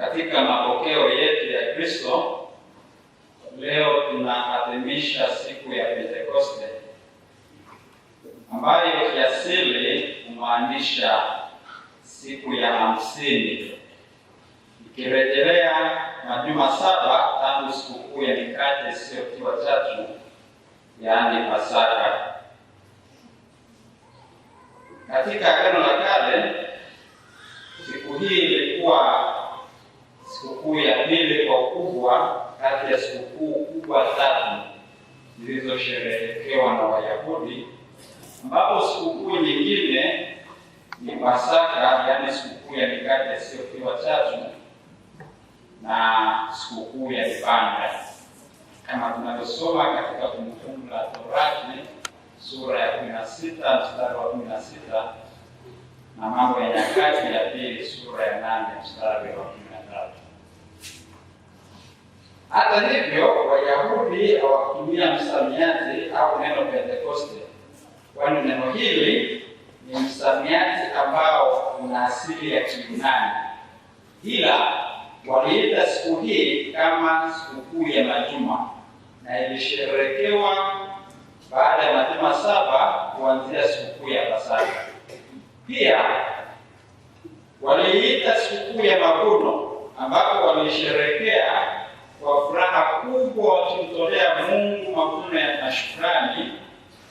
Katika mapokeo yetu ya Kristo leo tunaadhimisha siku ya Pentekoste ambayo kiasili humaanisha siku ya hamsini, ikirejelea majuma saba tangu sikukuu ya mikate isiyotiwa chachu, yaani Pasaka. Katika Agano la Kale siku hii ilikuwa sikukuu ya pili kwa ukubwa kati ya sikukuu kubwa tatu zilizosherehekewa na Wayahudi, ambapo sikukuu nyingine ni Pasaka, yaani sikukuu ya mikate yasiyotiwa chachu na sikukuu ya ipanda kama tunavyosoma katika Kumbukumbu la Torati sura ya kumi na sita mstari wa kumi na sita na Mambo ya Nyakati ya Pili sura ya nane mstari wa kumi na tatu. Hata hivyo, Wayahudi hawakutumia msamiati au neno Pentekoste, kwani neno hili ni msamiati ambao una asili ya Kiyunani, ila waliita siku hii kama sikukuu ya Majuma na ilisherekewa baada ya majuma saba kuanzia sikukuu ya Pasaka. Pia waliita sikukuu ya Mavuno ambapo walisherekea kwa furaha kubwa wakimtolea Mungu mavuno ya shukrani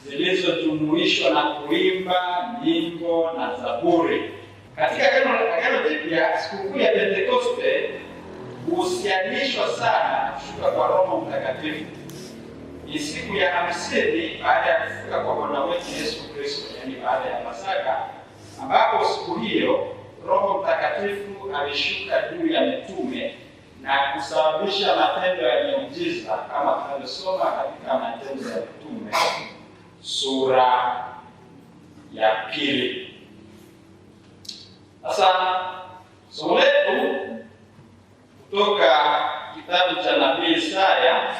zilizojumuishwa na kuimba nyimbo na zaburi. Katika Agano Jipya, sikukuu ya Pentekoste huhusianishwa sana kushuka kwa Roho Mtakatifu. Ni siku ya hamsini baada ya kufufuka kwa Bwana wetu Yesu Kristo, yaani baada ya Pasaka, ambapo siku hiyo Roho Mtakatifu alishuka juu ya mitume na kusababisha matendo ya miujiza kama tunavyosoma katika Matendo ya Mitume sura ya pili. Sasa somo letu kutoka kitabu cha nabii Isaya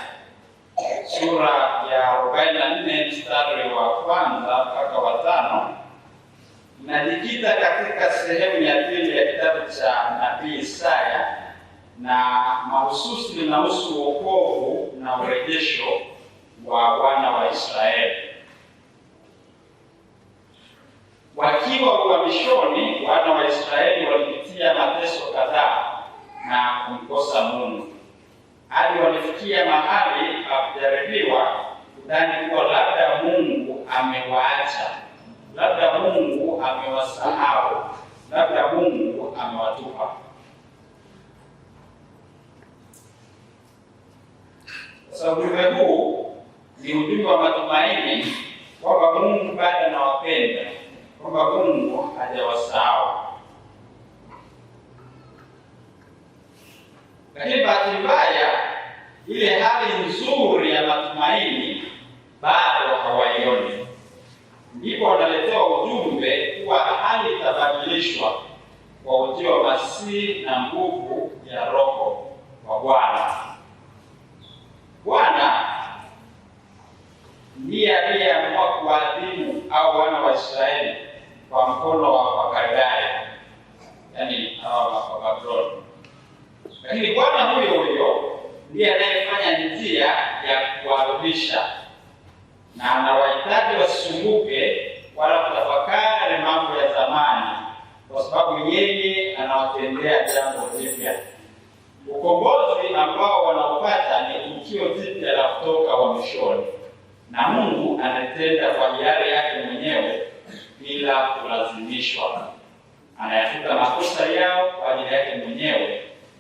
sura ya 44 na mstari wa kwanza mpaka wa tano inajikita katika sehemu ya pili ya kitabu cha nabii Isaya na mahususi linahusu wokovu na urejesho wa wana wa Israeli. Wakiwa uhamishoni, wana wa Israeli walipitia mateso kadhaa na kumkosa Mungu hadi walifikia mahali pa kujaribiwa kudhani kuwa labda Mungu amewaacha, labda Mungu amewasahau, labda Mungu Lakini bahati mbaya, ile hali nzuri ya matumaini bado hawaioni, ndipo wanaletewa ujumbe kuwa hali itabadilishwa kwa ujio wa Masihi na nguvu ya Roho wa Bwana. Bwana ndiye aliyeamua kuadhibu au wana wa Israeli kwa mkono wa Wakaldayo, yaani hawa wa Babiloni lakini Bwana huyo huyo ndiye anayefanya njia ya kuwarudisha, na anawahitaji wasisumbuke wala kutafakari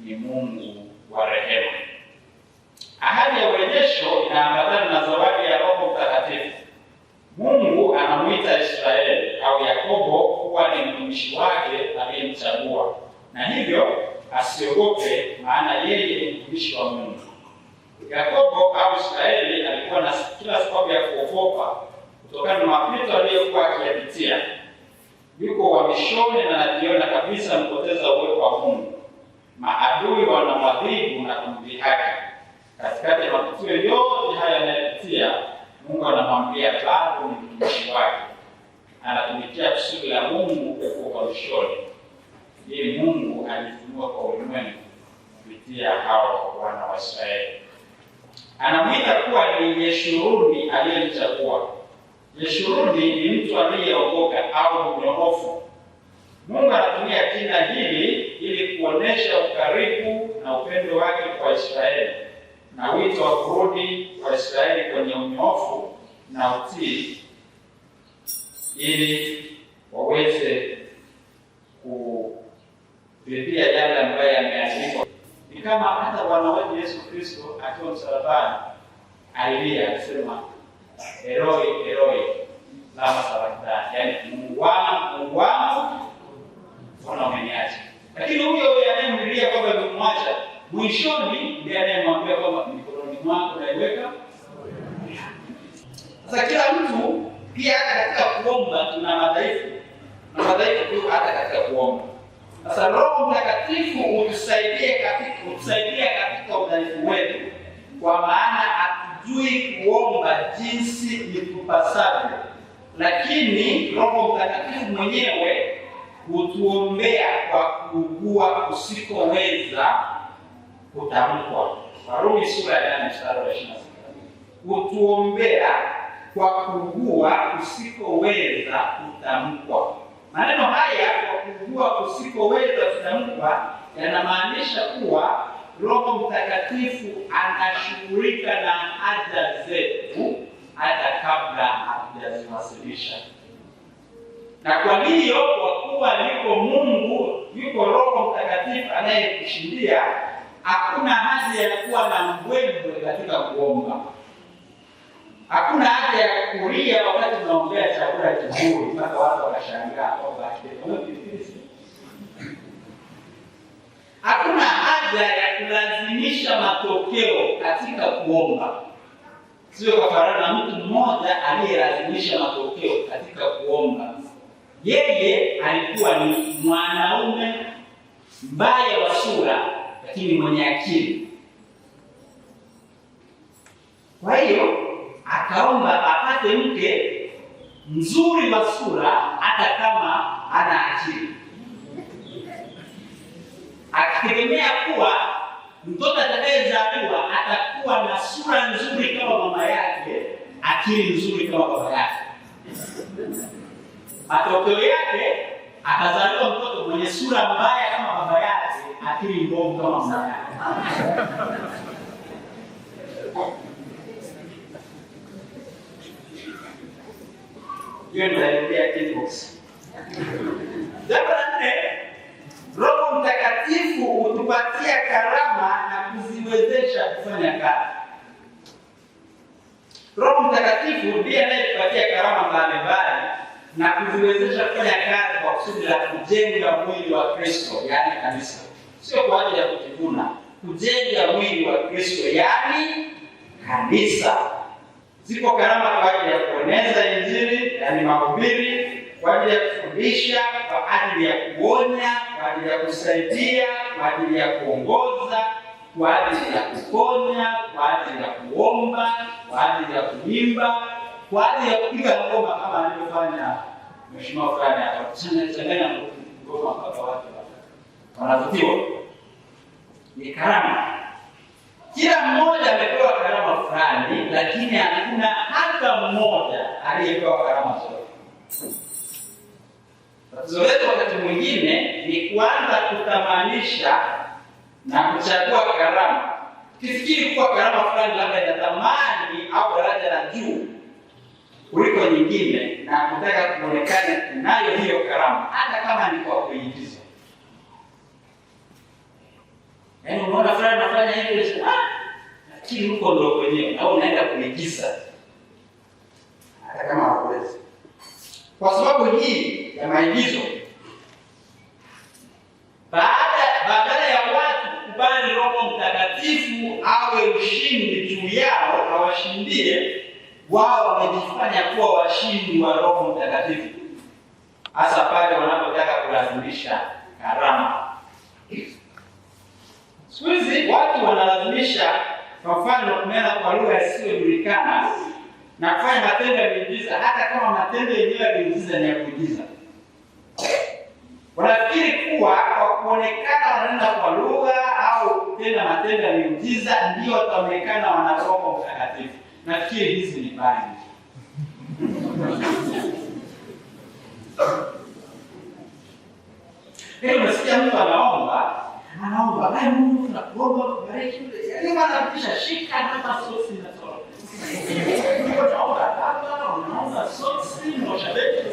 ni Mungu wa rehema. Ahadi ya urejesho inaambatana na zawadi ya Roho Mtakatifu. Mungu anamwita Israeli au Yakobo kuwa ni mtumishi wake aliyemchagua, na hivyo asiogope, maana yeye ni mtumishi wa Mungu. Yakobo au la Mungu kutoka ushoni. Ni Mungu alifunua kwa ulimwengu kupitia hao wana wa Israeli. Anamwita kuwa ni Yeshuruni aliyemchagua. Yeshuruni ni mtu aliyeokoka au mnyorofu Mungu anatumia jina hili ili kuonesha ukaribu na upendo wake kwa Israeli na wito wa kurudi kwa Israeli kwenye unyoofu na utii ili waweze kuridhia yale ambayo yameandikwa. Ni kama hata Bwana wetu Yesu Kristo akiwa msalabani alilia, akasema Eloi Eloi lama sabakthani, yaani Mungu wangu Mungu wangu mbona umeniacha? Lakini huyo anayemlilia kwamba nimemwacha, mwishoni ndiye anayemwambia kwamba mikononi mwako naiweka. Sasa kila mtu pia hata katika kuomba tuna madhaifu na madhaifu tu hata katika kuomba. Sasa Roho Mtakatifu utusaidie katika utusaidia katika udhaifu wetu, kwa maana hatujui kuomba jinsi itupasavyo, lakini Roho Mtakatifu mwenyewe hutuombea kwa kuugua kusikoweza kutamkwa. Warumi sura ya 8 mstari wa 26 hutuombea kwa kuugua kusikoweza kutamkwa. Maneno haya kwa kuugua kusikoweza kutamkwa yanamaanisha kuwa Roho Mtakatifu anashughulika na haja zetu hata kabla hatujaziwasilisha. Na kwa hiyo, kwa kuwa yuko Mungu, yuko Roho Mtakatifu anayekushindia, hakuna haja ya kuwa na mbwembwe katika kuomba. Hakuna haja ya kulia wakati tunaombea chakula kizuri mpaka watu wanashangaa hakuna haja ya kulazimisha matokeo katika kuomba. Sio kafanana na mtu mmoja aliyelazimisha matokeo katika kuomba. Yeye alikuwa ni mwanaume mbaya wa sura, lakini mwenye akili. Kwa hiyo akaomba apate mke mzuri wa sura, hata kama ana akili, akitegemea kuwa mtoto atakayezaliwa atakuwa na sura nzuri kama mama yake, akili nzuri kama baba yake. Matokeo yake akazaliwa mtoto mwenye sura mbaya kama baba yake, akili mbovu kama mama yake. Jambo la nne, Roho Mtakatifu hutupatia karama na kuziwezesha kufanya kazi. Roho Mtakatifu ndiye anayetupatia karama mbalimbali na kuziwezesha kufanya kazi kwa kusudi la kujenga mwili wa Kristo, yaani kanisa, sio kwa ajili ya kujivuna, kujenga mwili wa Kristo, yaani kanisa. Ziko karama kwa ajili ya kueneza Injili, yaani mahubiri, kwa ajili ya kufundisha, kwa ajili ya kuonya, kwa ajili ya kusaidia, kwa ajili ya kuongoza, kwa ajili ya kuponya, kwa ajili ya kuomba, kwa ajili ya kuimba, kwa ajili ya kupiga ngoma kama alivyofanya mheshimiwa fulani hapa, ngoma mpaka watu wanavutiwa. Ni karama kila mmoja amepewa karama fulani, lakini hakuna hata mmoja aliyepewa karama zote. Tatizo letu wakati mwingine ni kuanza kutamanisha na kuchagua karama, kifikiri kuwa karama fulani labda ina thamani au daraja la juu kuliko nyingine, na kutaka kuonekana nayo hiyo karama hata kama ni kwa kuigiza. Yaani eh, unaona fulani anafanya hivi ah, lakini huko ndio kwenyewe au unaenda kuigiza. Hata kama huwezi. Kwa sababu hii ya maigizo baada baada ya watu kubali Roho Mtakatifu awe ushindi juu yao awashindie, wao wamejifanya kuwa washindi wa Roho Mtakatifu hasa pale wanapotaka kulazimisha karama Siku hizi watu wanalazimisha, kwa mfano, kunena kwa lugha isiyojulikana na kufanya matendo ya miujiza, hata kama matendo yenyewe ya miujiza ni ya kuigiza. Wanafikiri kuwa kwa kuonekana wanaenda kwa lugha au kutenda matendo ya miujiza ndio wataonekana wana Roho Mtakatifu. Nafikiri hizi ni bangi Hilo nasikia mtu anaomba anaomba, Mungu napisha shika hapa sosi na sosi. Unaona hapa, unaona sosi, unaoshabiki.